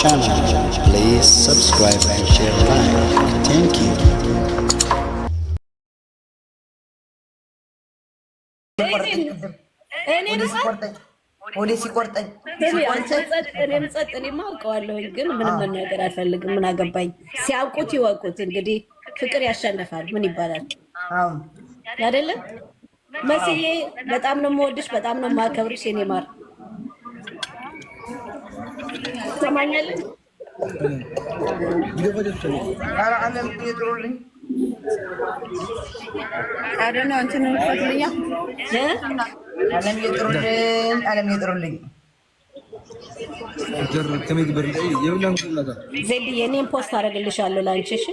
channel. Please subscribe and share like. Thank you. ፖሊስ ይቆርጠኝ እኔማ አውቀዋለሁኝ፣ ግን ምንም መናገር አልፈልግም። ምን አገባኝ? ሲያውቁት ይወቁት። እንግዲህ ፍቅር ያሸንፋል። ምን ይባላል አይደለም? መስዬ በጣም ነው የምወድሽ፣ በጣም ነው የማከብርሽ የኔ ማር ትሰማኛለህ? ኧረ አለም ዜድዬ ፖስት አደርግልሻለሁ ለአንቺ እሺ።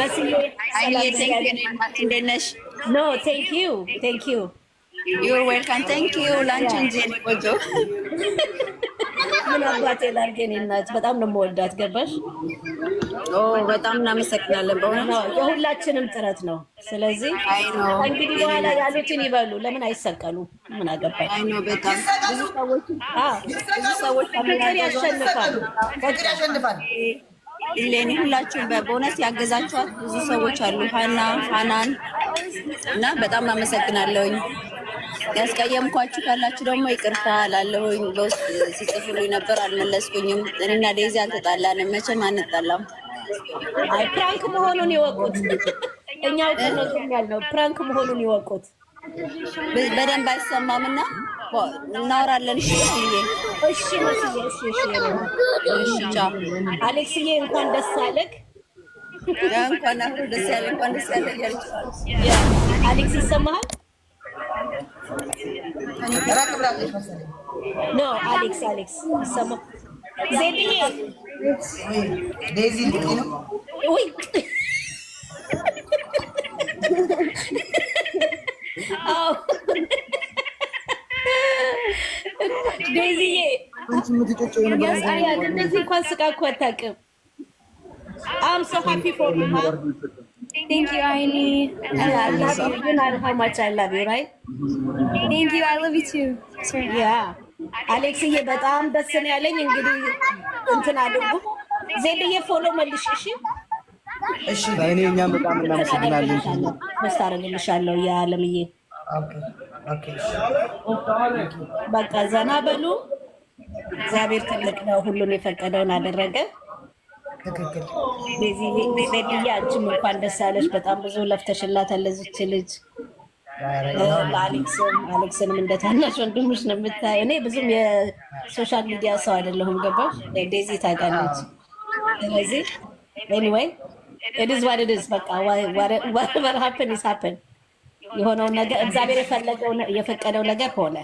መስዬ እንደት ነሽ? ኖ ቴንክ ዩ ቴንክ ዩ ዩር ዌልካም ታንክ ዩ ላንቺ እንጂ ቆጆ ምን አባቴ ላርገን እናት በጣም ነው የምወዳት። ገባሽ? በጣም እናመሰግናለን። በእውነት የሁላችንም ጥረት ነው። ስለዚህ እንግዲህ በኋላ ያሉትን ይበሉ። ለምን አይሰቀሉ? ምን አገባኝ። በጣም ብዙ ሰዎች ፍቅር ያሸንፋል፣ ፍቅር ያሸንፋል። ሌኒ ሁላችሁም በእውነት ያገዛችኋት ብዙ ሰዎች አሉ። ሀና ሀናን እና በጣም አመሰግናለሁኝ። ያስቀየምኳችሁ ካላችሁ ደግሞ ይቅርታ ላለሁኝ። በውስጥ ሲጽፍሉ ነበር አልመለስኩኝም። እኔና ዴዚ አልተጣላንም፣ መቼም አንጣላም። ፕራንክ መሆኑን ይወቁት። እኛ ውቅነቱም ያልነው ፕራንክ መሆኑን ይወቁት። በደንብ አይሰማም እና እናወራለን። እሺ እሺ እሺ። አሌክስዬ እንኳን ደስ አለህ። እንኳን ደስ ያለ እንኳን ደስ ያለ እያልኩ አሌክስ ይሰማሃል? አሌክስ አሌክስ ዴዚዬ እንደዚህ እንኳን ስቃ እኮ አታውቅም። አም ሶ ሃፒ ፎር Thank you, Aini. I love you. You know how much I love you, right? Thank you. I love you too. Yeah. አሌክስዬ በጣም ደስ ነው ያለኝ። እንግዲህ እንትን አድርጉ ዜድዬ ፎሎ መልሽ። እሺ እሺ። እኔ እኛም በጣም እናመሰግናለን። መስታረግልሻለሁ የዓለምዬ። በቃ ዘና በሉ። እግዚአብሔር ትልቅ ነው። ሁሉን የፈቀደውን አደረገ። ትክክል ቤዚዬ፣ አንቺም እንኳን ደስ አለሽ። በጣም ብዙ ለፍተሽላታል ለዚች ልጅ። አሌክስንም እንደ ታናሽ ወንድምሽ ነው የምታይ። እኔ ብዙም የሶሻል ሚዲያ ሰው አይደለሁም፣ ገባሽ? ዴዚ ታውቃለች። ስለዚህ ኤኒዌይ ኢዝ ዋት ኢዝ በቃ ሀፕን ኢዝ ሀፕን። የሆነው ነገር እግዚአብሔር የፈለገው የፈቀደው ነገር ሆነ።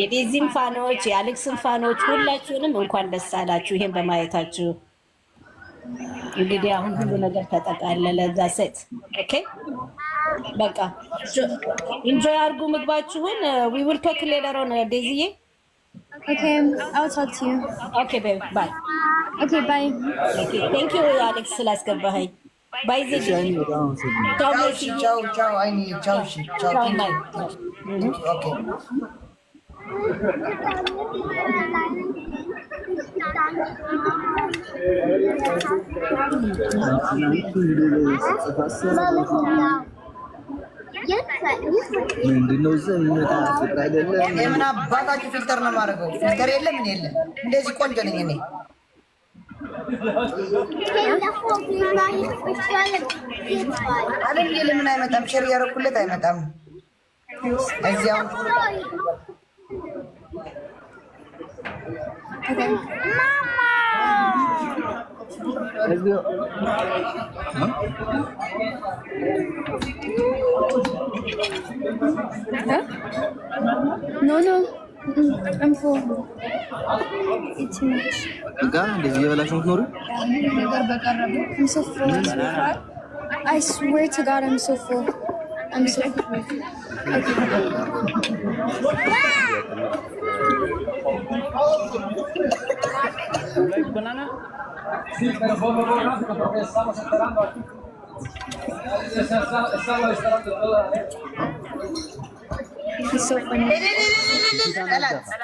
የዴዚም ፋኖች የአሌክስን ፋኖች ሁላችሁንም እንኳን ደስ አላችሁ። ይሄን በማየታችሁ እንግዲህ አሁን ሁሉ ነገር ተጠቃለለ። ለዛ ሴት በቃ ኢንጆይ አድርጉ ምግባችሁን። ዊ ዊል ቶክ ሌተር ነው ዴዚዬ። ኦኬ ኦኬ ባይ ኦኬ ባይ ቴንክ ዩ አሌክስ ስላስገባኸኝ ምንድነው? ዝም ይመጣ አይደለም። የምን አባታችሁ ፊልተር ነው የማደርገው? ፊልተር የለም፣ ምን የለም። እንደዚህ ቆንጆ ነኝ እኔ አለምዬ ለምን አይመጣም? ሼር እያደረኩለት አይመጣም። እዚያው ኖ ኖ እጋ እንደዚህ እየበላሽ ነው የምትኖሪው?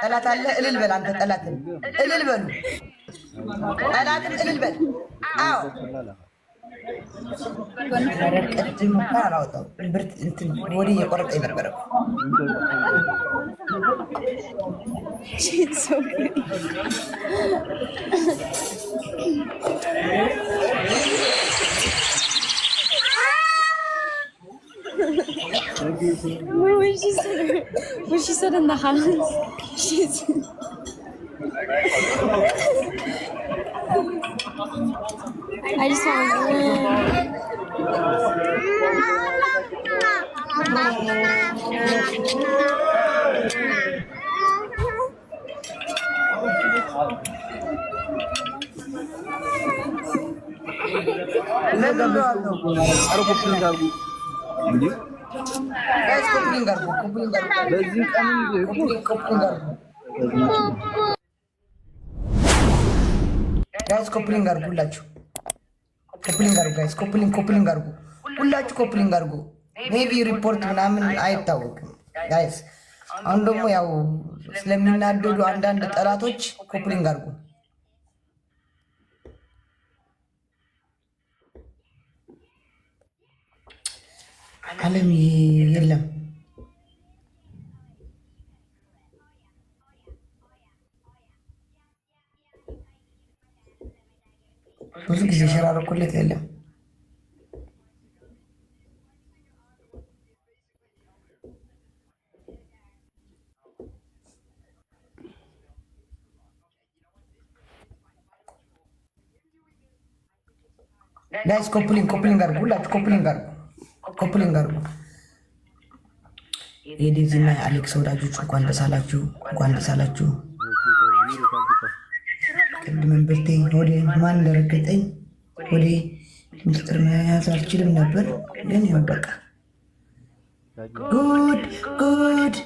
ጠላት አለ። እልል በል አንተ ጠላትን እልል በሉ፣ ጠላትን እልል በል። አዎ ቅድም እንኳን አላወጣሁም፣ ብርት እንትን ወደ እየቆረጠ ነበረ። when she said she said in the house, she's. I just want. Let them go. I don't want to በዚህ ቀን ጋይስ ኮፕሊንግ አድርጉ፣ ሁላችሁ ኮፕሊንግ አድርጉ። ጋይስ ኮፕሊንግ ኮፕሊንግ አድርጉ፣ ሁላችሁ ኮፕሊንግ አድርጉ። ሜቢ ሪፖርት ምናምን አይታወቅም ጋይስ። አሁን ደግሞ ያው ስለሚናደዱ አንዳንድ ጠላቶች ኮፕሊንግ አርጉ አለም የለም ብዙ ጊዜ ሸራርኩለት የለም። ጋይስ ኮፕሊንግ ኮፕሊንግ አድርጉ፣ ሁላችሁ ኮፕሊንግ አድርጉ፣ ኮፕሊንግ አድርጉ። የዴዚ እና የአሌክስ ወዳጆች እንኳን ደስ አላችሁ፣ እንኳን ደስ አላችሁ። ቅድምን ብርቴን ሆዴ ማን እንደረገጠኝ ሆዴ ምስጢር መያዝ አልችልም ነበር፣ ግን ያው በቃ ጉድ ጉድ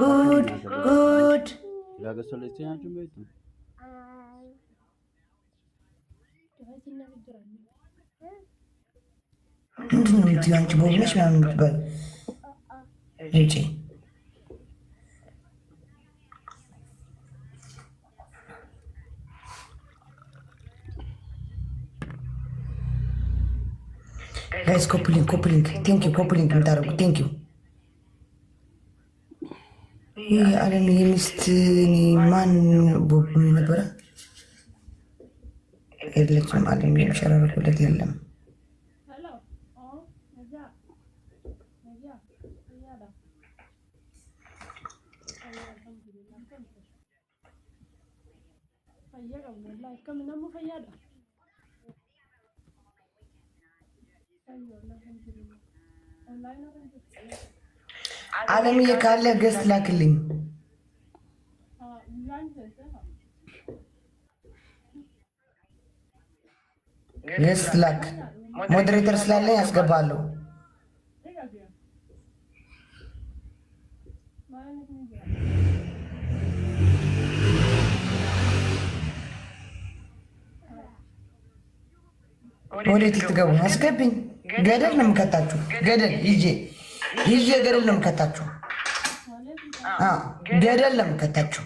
ጉድ ጉድ ምንድን ነው የምትይው አንቺ? ቦብነሽ ምናምን የምትባል ጋይስ ኮፒ ሊንክ ኮፒ ሊንክ ቴንክ ዩ ኮፒ ሊንክ የምታደርጉ ቴንክ ዩ። ይህ የዓለም የሚስት ማን ቦብ ነበረ? የለችም አለም የሚሸራረቁለት የለም። ፈየረው ላይ ከምናሙ ፈያዳ አለምዬ ካለ ገስት ላክልኝ። ገስት ላክ። ሞዴሬተር ስላለኝ ያስገባለሁ። ወዴት ልትገቡ? አስገብኝ ገደል ነው የምከታችሁ። ገደል ይዤ ይዤ ገደል ነው የምከታችሁ። ገደል ነው የምከታችሁ።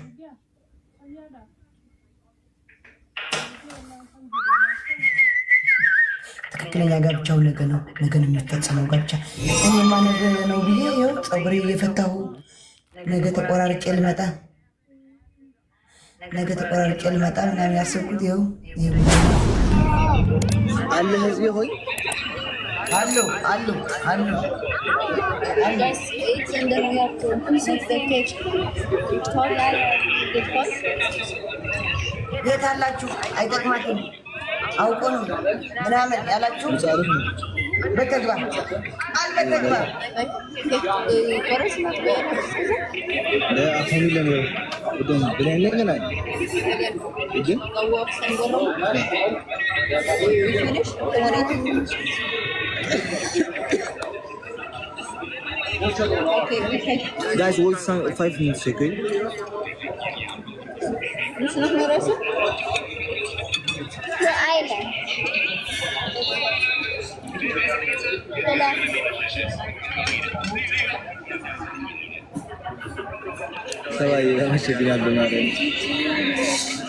ትክክለኛ ጋብቻው ነገ ነው፣ ነገ ነው የሚፈጸመው ጋብቻ። እኔማ ነገ ነው ብዬ ይኸው ፀጉሬ እየፈታሁ ነገ ተቆራርጬ ልመጣ ነገ ተቆራርጬ ልመጣ ምናምን ያሰብኩት ይኸው አለ ህዝቤ ሆይ አሉ አሉ አለው የት አላችሁ? አይጠቅማትም አውቆ ነው ምናምን ያላችሁ በተግባር ቃል በተግባር Guys, hold some five minutes, okay? Gusto na kumurasa? The island. Wala. Sawa, yun ang siya ginagawa rin.